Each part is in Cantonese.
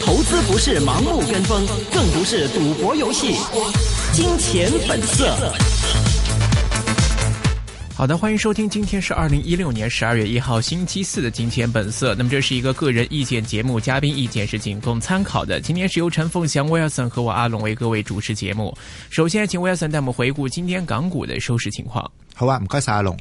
投資不是盲目跟風，更不是賭博遊戲。金錢本色。好的，歡迎收聽，今天是二零一六年十二月一號星期四的《金錢本色》。那麼這是一個個人意見節目，嘉賓意見是僅供參考的。今天是由陳鳳翔威爾森和我阿龍為各位主持節目。首先，請威爾森帶我們回顧今天港股的收市情況。好啊，唔該晒阿龍。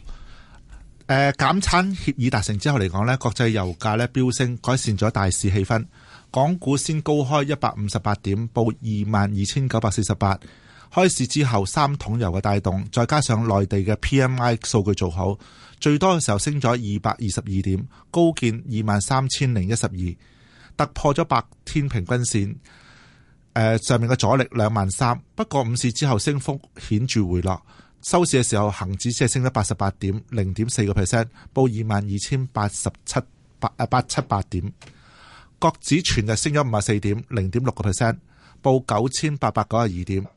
誒、呃，減產協議達成之後嚟講呢，國際油價咧飆升，改善咗大市氣氛。港股先高開一百五十八點，報二萬二千九百四十八。開市之後，三桶油嘅帶動，再加上內地嘅 PMI 數據做好，最多嘅時候升咗二百二十二點，高見二萬三千零一十二，突破咗百天平均線。誒、呃，上面嘅阻力兩萬三，不過午市之後升幅顯著回落。收市嘅時候，恒指只係升咗八十八點零點四個 percent，報二萬二千八百七八誒八七八點。國指全日升咗五十四點零點六個 percent，報九千八百九十二點。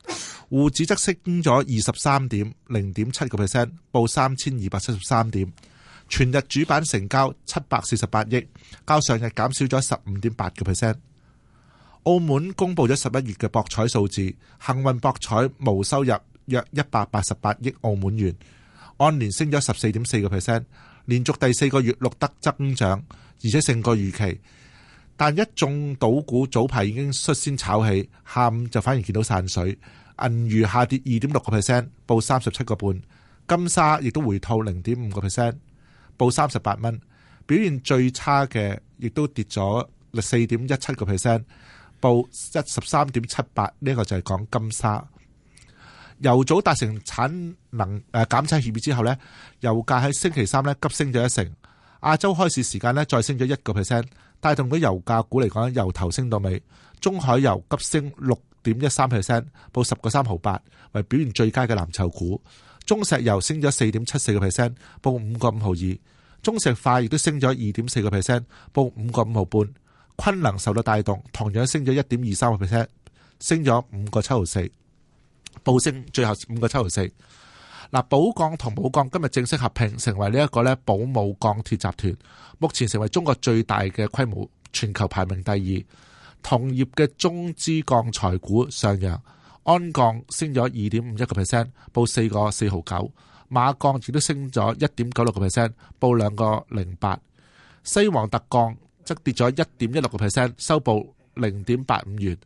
滬指則升咗二十三點零點七個 percent，報三千二百七十三點。全日主板成交七百四十八億，較上日減少咗十五點八個 percent。澳門公布咗十一月嘅博彩數字，幸運博彩無收入，約一百八十八億澳門元，按年升咗十四點四個 percent，連續第四個月錄得增長，而且勝過預期。但一眾賭股早排已經率先炒起，下午就反而見到散水。銀娛下跌二點六個 percent，報三十七個半。金沙亦都回吐零點五個 percent，報三十八蚊。表現最差嘅亦都跌咗四點一七個 percent，報一十三點七八。呢個就係講金沙。油組達成產能誒，減產協議之後呢，油價喺星期三咧急升咗一成，亞洲開市時間咧再升咗一個 percent，帶動咗油價股嚟講由頭升到尾。中海油急升六點一三 percent，報十個三毫八，為表現最佳嘅藍籌股。中石油升咗四點七四個 percent，報五個五毫二。中石化亦都升咗二點四個 percent，報五個五毫半。昆能受到帶動，同樣升咗一點二三個 percent，升咗五個七毫四。報升最後五個七毫四嗱，寶鋼同寶鋼今日正式合併，成為呢一個咧寶武鋼鐵集團。目前成為中國最大嘅規模，全球排名第二。同業嘅中資鋼材股上揚，鞍鋼升咗二點五一個 percent，報四個四毫九；馬鋼亦都升咗一點九六個 percent，報兩個零八。西王特鋼則跌咗一點一六個 percent，收報零點八五元。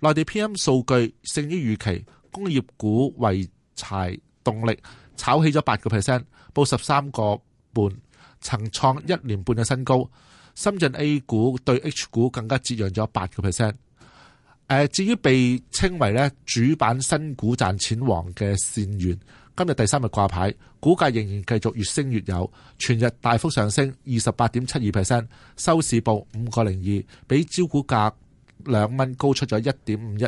內地 P M 數據勝於預期。工業股、濰柴動力炒起咗八個 percent，報十三個半，曾創一年半嘅新高。深圳 A 股對 H 股更加折讓咗八個 percent。至於被稱為咧主板新股賺錢王嘅善源，今日第三日掛牌，股價仍然繼續越升越有，全日大幅上升二十八點七二 percent，收市報五個零二，比招股價兩蚊高出咗一點五一。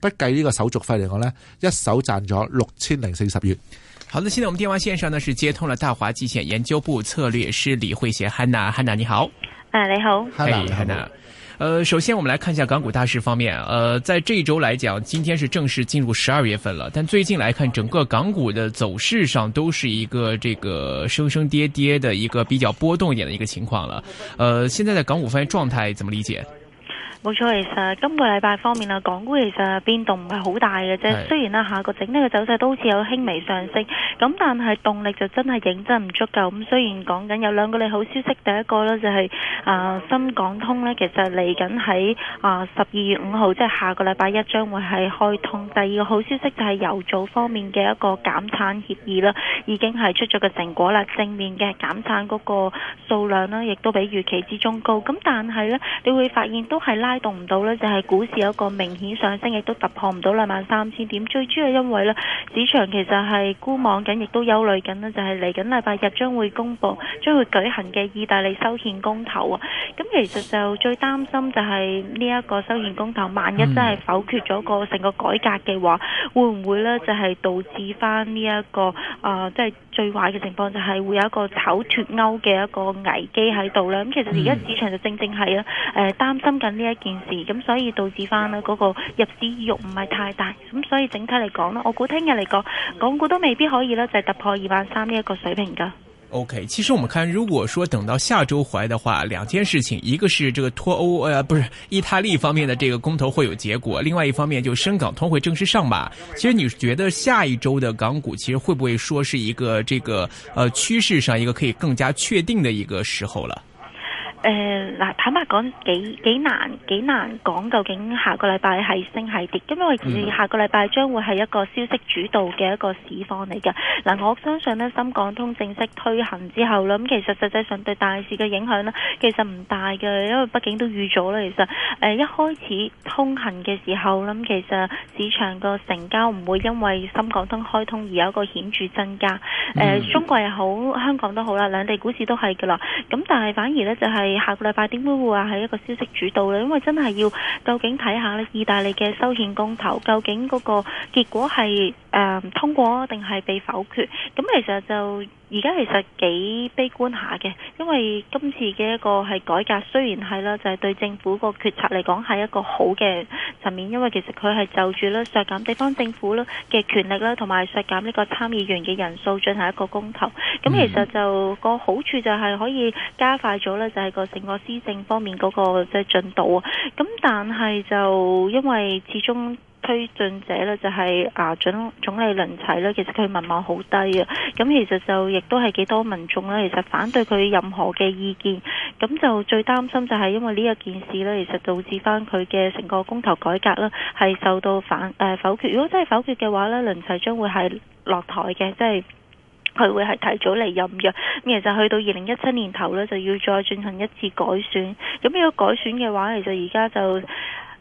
不計呢個手續費嚟講呢一手賺咗六千零四十元。好的，現在我們電話線上呢是接通了大華基金研究部策略師李惠嫻，Hannah，Hannah 你好。誒，你好 Hello，Hannah。呃，首先我們來看一下港股大市方面。呃，在這一周來講，今天是正式進入十二月份了，但最近來看，整個港股的走勢上都是一個這個升升跌跌的一個比較波動一點的一個情況了。呃，現在的港股方面狀態怎麼理解？冇錯，其實今個禮拜方面啦，港股其實變動唔係好大嘅啫。雖然啦，下個整體嘅走勢都好似有輕微上升，咁但係動力就真係認真唔足夠。咁雖然講緊有兩個利好消息，第一個咧就係啊深港通咧，其實嚟緊喺啊十二月五號，即係下個禮拜一將會係開通。第二個好消息就係油組方面嘅一個減產協議啦，已經係出咗個成果啦，正面嘅減產嗰個數量咧，亦都比預期之中高。咁但係咧，你會發現都係啦。帶動唔到呢，就係、是、股市有一個明顯上升，亦都突破唔到兩萬三千點。最主要因為呢，市場其實係觀望緊，亦都憂慮緊呢，就係嚟緊禮拜日將會公布，將會舉行嘅意大利修憲公投啊。咁其實就最擔心就係呢一個修憲公投，萬一真係否決咗個成個改革嘅話，會唔會呢、這個呃，就係導致翻呢一個啊，即係最壞嘅情況就係、是、會有一個炒脫歐嘅一個危機喺度咧。咁其實而家市場就正正係咧，誒、呃、擔心緊呢一。件事咁，所以導致翻呢嗰個入市意欲唔係太大，咁所以整體嚟講呢，我估聽日嚟講，港股都未必可以呢，就係突破二萬三呢一個水平噶。OK，其實我們看，如果說等到下周回來的話，兩件事情，一個是這個脫歐，呃，不是意大利方面的這個公投會有結果，另外一方面就深港通會正式上馬。其實你覺得下一周的港股，其實會不會說是一個這個，呃，趨勢上一個可以更加確定的一個時候了？誒，嗱，坦白講幾幾難，幾難講究竟下個禮拜係升係跌。咁因為下個禮拜將會係一個消息主導嘅一個市況嚟噶。嗱、呃，我相信呢深港通正式推行之後咁其實實際上對大市嘅影響呢，其實唔大嘅，因為畢竟都預咗啦。其實誒一開始通行嘅時候咁其實市場個成交唔會因為深港通開通而有一個顯著增加。誒、呃，中國又好，香港都好啦，兩地股市都係噶啦。咁但係反而呢，就係、是。下個禮拜點會會話係一個消息主導咧？因為真係要究竟睇下咧，意大利嘅修憲公投究竟嗰個結果係誒、呃、通過定係被否決？咁其實就。而家其實幾悲觀下嘅，因為今次嘅一個係改革，雖然係啦，就係、是、對政府個決策嚟講係一個好嘅層面，因為其實佢係就住咧削減地方政府啦嘅權力啦，同埋削減呢個參議員嘅人數進行一個公投，咁、mm-hmm. 其實就、個好處就係可以加快咗呢，就係個成個施政方面嗰個即係進度啊，咁但係就因為始終。推進者呢就係、是、啊總總理倫齊呢其實佢民望好低啊，咁其實就亦都係幾多民眾呢，其實反對佢任何嘅意見，咁就最擔心就係因為呢一件事呢，其實導致翻佢嘅成個公投改革呢，係受到反誒、呃、否決。如果真係否決嘅話呢，倫齊將會係落台嘅，即係佢會係提早離任。咁其實去到二零一七年頭呢，就要再進行一次改選。咁如果改選嘅話，其實而家就。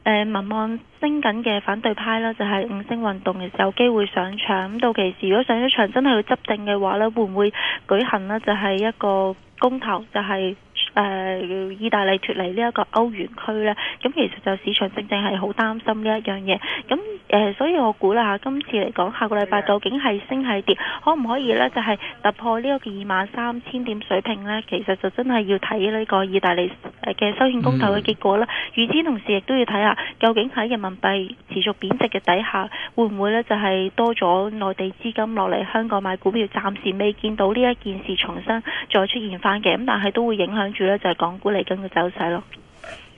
誒民望升緊嘅反對派啦，就係、是、五星運動嘅時候有機會上場。咁到期時如果上咗場，真係要執政嘅話咧，會唔會舉行呢？就係一個公投，就係、是、誒、呃、意大利脫離呢一個歐元區呢。咁其實就市場正正係好擔心呢一樣嘢。咁誒、呃，所以我估啦嚇，今次嚟講，下個禮拜究竟係升係跌，可唔可以呢？就係、是、突破呢個二萬三千點水平呢？其實就真係要睇呢個意大利嘅修憲公投嘅結果啦。與此同時，亦都要睇下究竟喺人民幣持續貶值嘅底下，會唔會呢？就係、是、多咗內地資金落嚟香港買股票？暫時未見到呢一件事重新再出現返嘅，咁但係都會影響住呢，就係、是、港股嚟緊嘅走勢咯。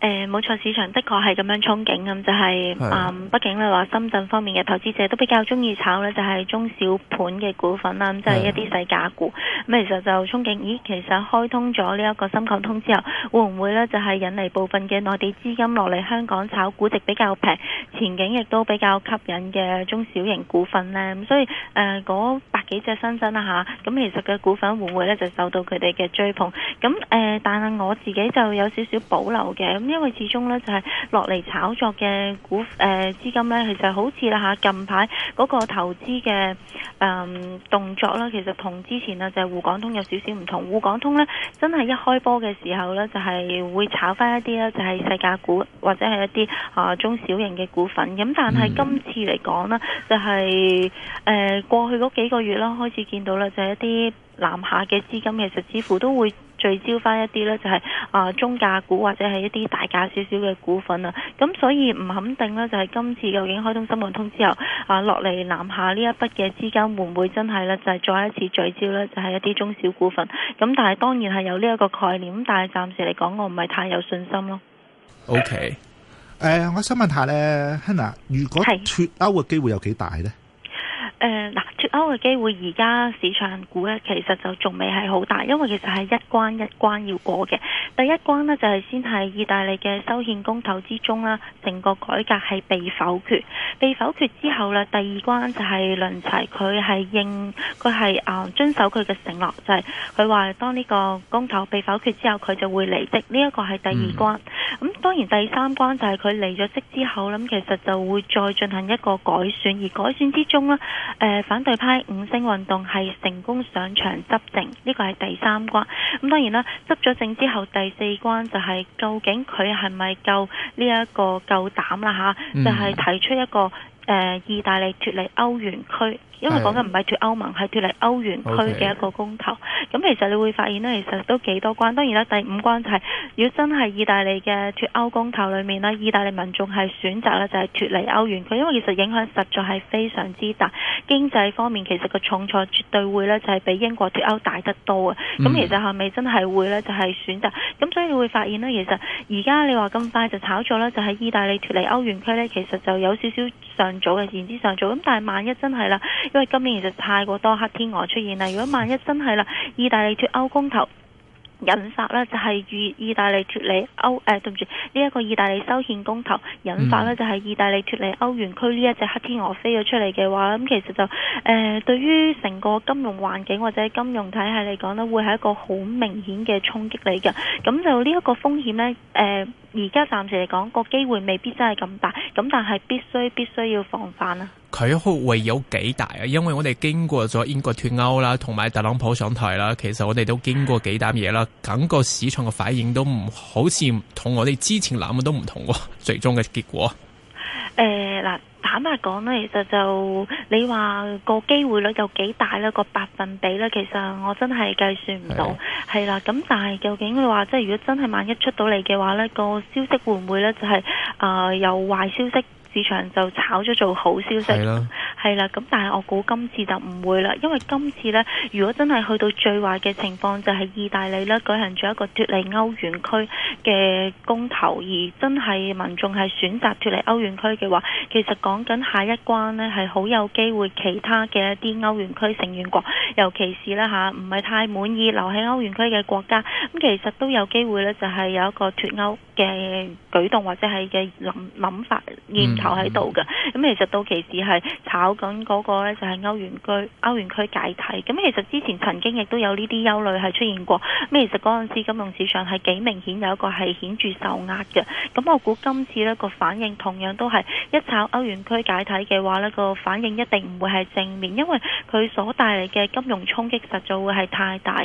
誒，冇錯，市場的確係咁樣憧憬，咁就係、是，嗯，畢竟你話深圳方面嘅投資者都比較中意炒呢就係、是、中小盤嘅股份啦，即、就、係、是、一啲細價股。咁、嗯、其實就憧憬，咦，其實開通咗呢一個深港通之後，會唔會呢？就係、是、引嚟部分嘅內地資金落嚟香港炒估值比較平、前景亦都比較吸引嘅中小型股份呢。咁所以，誒、呃，嗰百幾隻新增啦吓，咁、嗯、其實嘅股份會唔會呢？就受到佢哋嘅追捧？咁誒、呃，但係我自己就有少少保留嘅。因為始終呢，就係落嚟炒作嘅股誒資、呃、金呢，其實好似啦嚇，近排嗰個投資嘅誒動作啦，其實同之前呢，就係、是、滬港通有少少唔同。滬港通呢，真係一開波嘅時候呢，就係、是、會炒翻一啲呢，就係、是、世界股或者係一啲啊、呃、中小型嘅股份。咁但係今次嚟講咧，就係、是、誒、呃、過去嗰幾個月啦，開始見到咧就係、是、一啲南下嘅資金，其實似乎都會。聚焦翻一啲咧，就係啊中價股或者係一啲大價少少嘅股份啊，咁所以唔肯定咧，就係今次究竟開通深港通之後啊落嚟南下呢一筆嘅資金會唔會真係咧，就係再一次聚焦咧，就係一啲中小股份。咁但係當然係有呢一個概念，但係暫時嚟講，我唔係太有信心咯。OK，誒，我想問下咧，Hannah，如果脱歐嘅機會有幾大咧？誒、嗯，嗱，脫歐嘅機會而家市場估咧，其實就仲未係好大，因為其實係一關一關要過嘅。第一關呢，就係、是、先係意大利嘅修憲公投之中啦，成個改革係被否決。被否決之後呢，第二關就係倫齊佢係應佢係遵守佢嘅承諾，就係佢話當呢個公投被否決之後，佢就會離職。呢、這、一個係第二關。咁、嗯、當然第三關就係佢離咗職之後，咁其實就會再進行一個改選，而改選之中呢。誒、呃，反對派五星運動係成功上場，執政，呢個係第三關。咁當然啦，執咗政之後，第四關就係究竟佢係咪夠呢、這、一個夠膽啦？嚇，就係、是、提出一個誒、呃，意大利脱離歐元區。因為講緊唔係脱歐盟，係脱離歐元區嘅一個公投。咁、okay. 其實你會發現呢，其實都幾多關。當然啦，第五關就係、是，如果真係意大利嘅脱歐公投裏面咧，意大利民眾係選擇咧就係脱離歐元區，因為其實影響實在係非常之大。經濟方面其實個重挫絕對、mm. 會呢，就係比英國脱歐大得多啊。咁其實係咪真係會呢？就係選擇。咁所以你會發現呢，其實而家你話咁快就炒咗咧，就係意大利脱離歐元區呢，其實就有少少上早嘅言之上早。咁但係萬一真係啦～因為今年其實太過多黑天鵝出現啦，如果萬一真係啦，意大利脱歐公投引發咧，就係意意大利脱離歐誒，對唔住，呢一個意大利修憲公投引發咧，就係意大利脱離歐元區呢一隻黑天鵝飛咗出嚟嘅話，咁其實就誒，對於成個金融環境或者金融體系嚟講咧，會係一個好明顯嘅衝擊嚟嘅。咁就呢一個風險呢誒，而家暫時嚟講個機會未必真係咁大，咁但係必須必須要防範啊！佢機會有幾大啊？因為我哋經過咗英國脫歐啦，同埋特朗普上台啦，其實我哋都經過幾單嘢啦，咁個市場嘅反應都唔好似同我哋之前諗嘅都唔同喎，最終嘅結果。誒，嗱，坦白講咧，其實就你話個機會率有幾大咧，個百分比咧，其實我真係計算唔到，係啦。咁但係究竟佢話，即係如果真係萬一出到嚟嘅話咧，個消息會唔會咧、就是，就係啊，有壞消息？市場就炒咗做好消息，係啦。咁但係我估今次就唔會啦，因為今次咧，如果真係去到最壞嘅情況，就係意大利咧舉行咗一個脫離歐元區嘅公投，而真係民眾係選擇脫離歐元區嘅話，其實講緊下一關咧，係好有機會其他嘅一啲歐元區成員國，尤其是咧吓，唔係太滿意留喺歐元區嘅國家，咁其實都有機會咧，就係、是、有一個脫歐嘅舉動或者係嘅諗諗法念頭。嗯留喺度嘅，咁、嗯、其實到期時係炒緊嗰個咧，就係歐元區歐元區解體。咁其實之前曾經亦都有呢啲憂慮係出現過。咁其實嗰陣時金融市場係幾明顯有一個係顯著受壓嘅。咁我估今次呢個反應同樣都係一炒歐元區解體嘅話，呢個反應一定唔會係正面，因為佢所帶嚟嘅金融衝擊實在會係太大。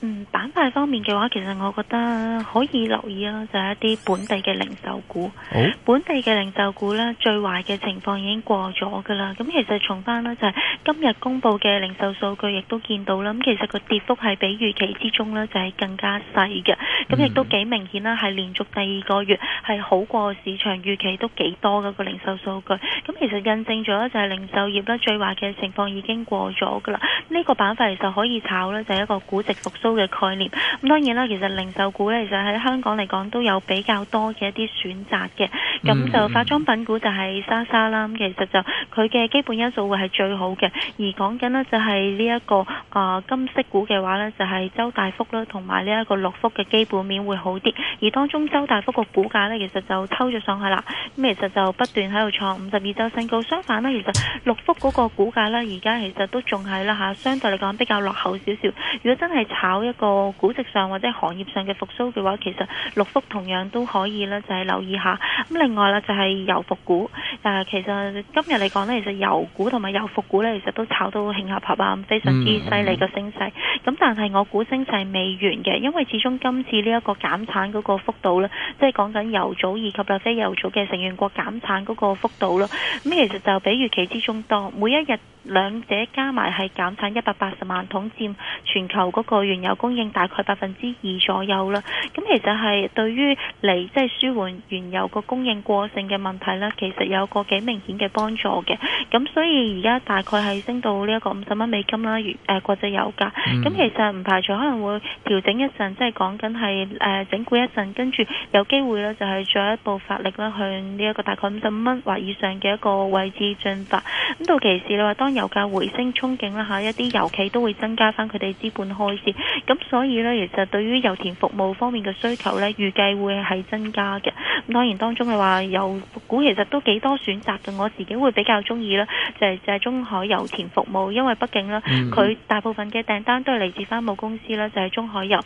嗯，板塊方面嘅話，其實我覺得可以留意啦，就係、是、一啲本地嘅零售股。好，本地嘅零售股咧，最壞嘅情況已經過咗噶啦。咁其實從翻咧，就係、是、今日公布嘅零售數據，亦都見到啦。咁其實個跌幅係比預期之中咧，就係更加細嘅。咁、嗯、亦都幾明顯啦，係連續第二個月係好過市場預期都幾多嗰、這個零售數據。咁其實印證咗咧，就係零售業咧最壞嘅情況已經過咗噶啦。呢、這個板塊其實可以炒咧，就係、是、一個估值復蘇。嘅概念，咁當然啦，其實零售股咧，其實喺香港嚟講都有比較多嘅一啲選擇嘅。咁就化妝品股就係莎莎啦，咁其實就佢嘅基本因素會係最好嘅。而講緊咧就係呢一個啊金色股嘅話咧，就係周大福啦，同埋呢一個六福嘅基本面會好啲。而當中周大福個股價咧，其實就偷咗上去啦，咁其實就不斷喺度創五十二周新高。相反啦，其實六福嗰個股價咧，而家其實都仲係啦吓，相對嚟講比較落後少少。如果真係炒一個估值上或者行業上嘅復甦嘅話，其實六福同樣都可以啦，就係、是、留意下。咁另外呢，就係油服股。但係其實今日嚟講呢，其實油股同埋油服股呢，其實都炒到慶合合啊，非常之犀利嘅升勢。咁、mm -hmm. 但係我估升勢未完嘅，因為始終今次呢一個減產嗰個幅度咧，即係講緊油組以及非油組嘅成員國減產嗰個幅度啦。咁其實就比預期之中多，每一日兩者加埋係減產一百八十萬桶，佔全球嗰個原油油供應大概百分之二左右啦，咁其實是於，係對於嚟即係舒緩原油個供應過剩嘅問題啦，其實有個幾明顯嘅幫助嘅。咁所以而家大概係升到呢一個五十蚊美金啦，誒、呃、國際油價。咁、嗯、其實唔排除可能會調整一陣，即係講緊係誒整固一陣，跟住有機會咧就係再一步發力啦，向呢一個大概五十蚊或以上嘅一個位置進發。咁到期時你話當油價回升憧憬啦吓一啲油企都會增加翻佢哋資本開支。咁所以呢，其實對於油田服務方面嘅需求呢，預計會係增加嘅。咁當然當中嘅話，油股其實都幾多選擇嘅。我自己會比較中意呢，就係、係、就係、中海油田服務，因為畢竟呢，佢、嗯、大部分嘅訂單都係嚟自母公司啦，就係、係、中海油。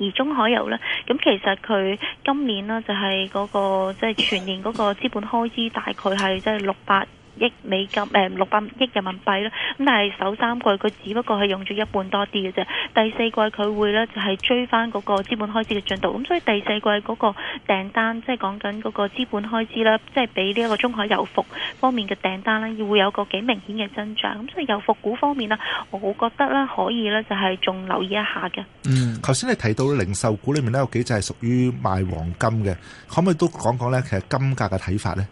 而中海油呢，咁其實佢今年呢就係、嗰個，就係嗰個即係全年嗰個資本開支大概係即係六百億美金誒，六百億人民幣啦，咁但係首三季佢只不過係用咗一半多啲嘅啫，第四季佢會咧就係追翻嗰個資本開支嘅進度，咁所以第四季嗰個訂單即係講緊嗰個資本開支啦，即係畀呢一個中海油服方面嘅訂單咧，會有個幾明顯嘅增長，咁所以油服股方面啦，我覺得咧可以咧就係仲留意一下嘅。嗯，頭先你提到零售股裏面咧有幾隻係屬於賣黃金嘅，可唔可以都講講咧？其實金價嘅睇法咧？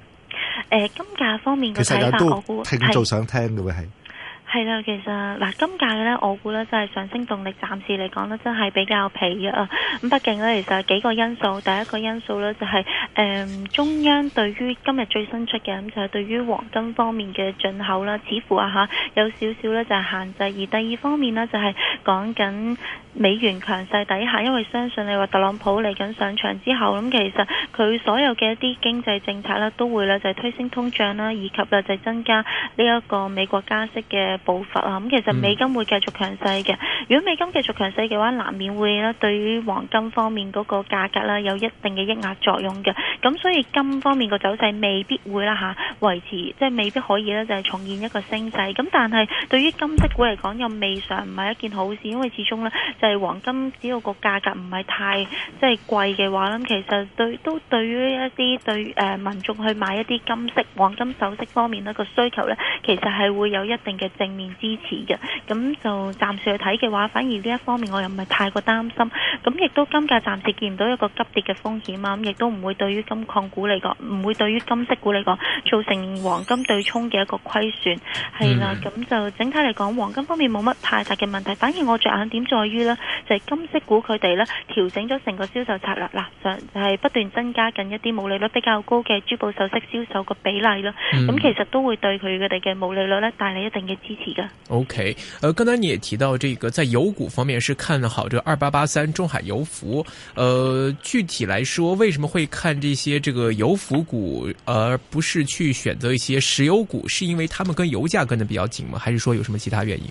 誒，金價方面嘅睇法，我估係做想聽嘅喎，係係啦，其實嗱，金價嘅咧，我估咧，就係上升動力暫時嚟講咧，真係比較疲弱。啊。咁畢竟咧，其實幾個因素，第一個因素咧就係、是、誒、嗯，中央對於今日最新出嘅咁就係、是、對於黃金方面嘅進口啦，似乎啊吓有少少咧就係限制，而第二方面咧就係講緊。美元強勢底下，因為相信你話特朗普嚟緊上場之後，咁其實佢所有嘅一啲經濟政策啦，都會咧就係推升通脹啦，以及就係增加呢一個美國加息嘅步伐啊。咁其實美金會繼續強勢嘅，如果美金繼續強勢嘅話，難免會咧對於黃金方面嗰個價格啦，有一定嘅抑壓作用嘅。咁所以金方面個走勢未必會啦吓維持，即係未必可以咧就係重現一個升勢，咁但係對於金色股嚟講又未嘗唔係一件好事，因為始終咧。係黃金，只要個價格唔係太即係貴嘅話，咁其實對都對於一啲對、誒、呃、民眾去買一啲金色黃金首飾方面呢、個需求咧，其實係會有一定嘅正面支持嘅。咁就暫時去睇嘅話，反而呢一方面我又唔係太過擔心。咁亦都金價暫時見唔到一個急跌嘅風險啊！咁亦都唔會對於金礦股嚟講，唔會對於金色股嚟講，造成黃金對沖嘅一個虧損係啦，咁、mm -hmm. 就整體嚟講，黃金方面冇乜太大嘅問題。反而我着眼點在於咧。就係、是、金飾股佢哋咧調整咗成個銷售策略嗱，就係、是、不斷增加緊一啲毛利率比較高嘅珠寶首飾銷售個比例啦，咁其實都會對佢佢哋嘅毛利率咧帶嚟一定嘅支持噶。OK，呃剛才你也提到這個在油股方面是看好這個二八八三中海油服，呃具體來說為什麼會看這些這個油服股，而不是去選擇一些石油股？是因為他們跟油價跟得比較緊嗎？還是說有什麼其他原因？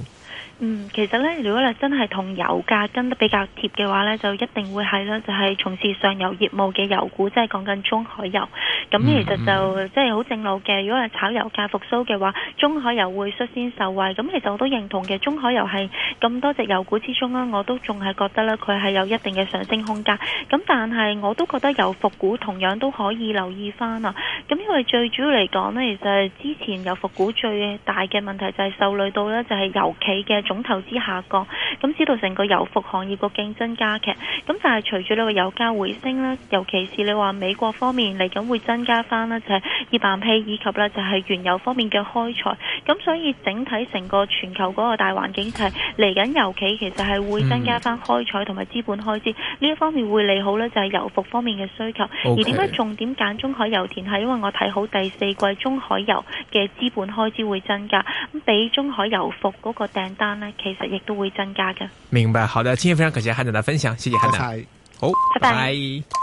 嗯，其實咧，如果你真係同油價跟得比較貼嘅話咧，就一定會係啦，就係、是、從事上游業務嘅油股，即係講緊中海油。咁其實就即係好正路嘅。如果係炒油價復甦嘅話，中海油會率先受惠。咁其實我都認同嘅，中海油係咁多隻油股之中啦，我都仲係覺得咧，佢係有一定嘅上升空間。咁但係我都覺得油服股同樣都可以留意返啊。咁因為最主要嚟講咧，其實之前油服股最大嘅問題就係受累到咧，就係油企嘅。總投資下降，咁使到成個油服行業個競爭加劇，咁但係隨住呢個油價回升啦，尤其是你話美國方面嚟緊會增加翻呢就係頁岩氣，以及呢就係原油方面嘅開採。咁、嗯、所以整體成個全球嗰個大環境就係嚟緊，油企其實係會增加翻開採同埋資本開支呢一、嗯、方面會利好呢就係油服方面嘅需求。Okay, 而點解重點揀中海油田，係因為我睇好第四季中海油嘅資本開支會增加，咁俾中海油服嗰個訂單呢，其實亦都會增加噶。明白，好的，今日非常感謝 Hannah 嘅分享，謝謝 Hannah，好，拜拜，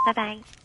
拜拜。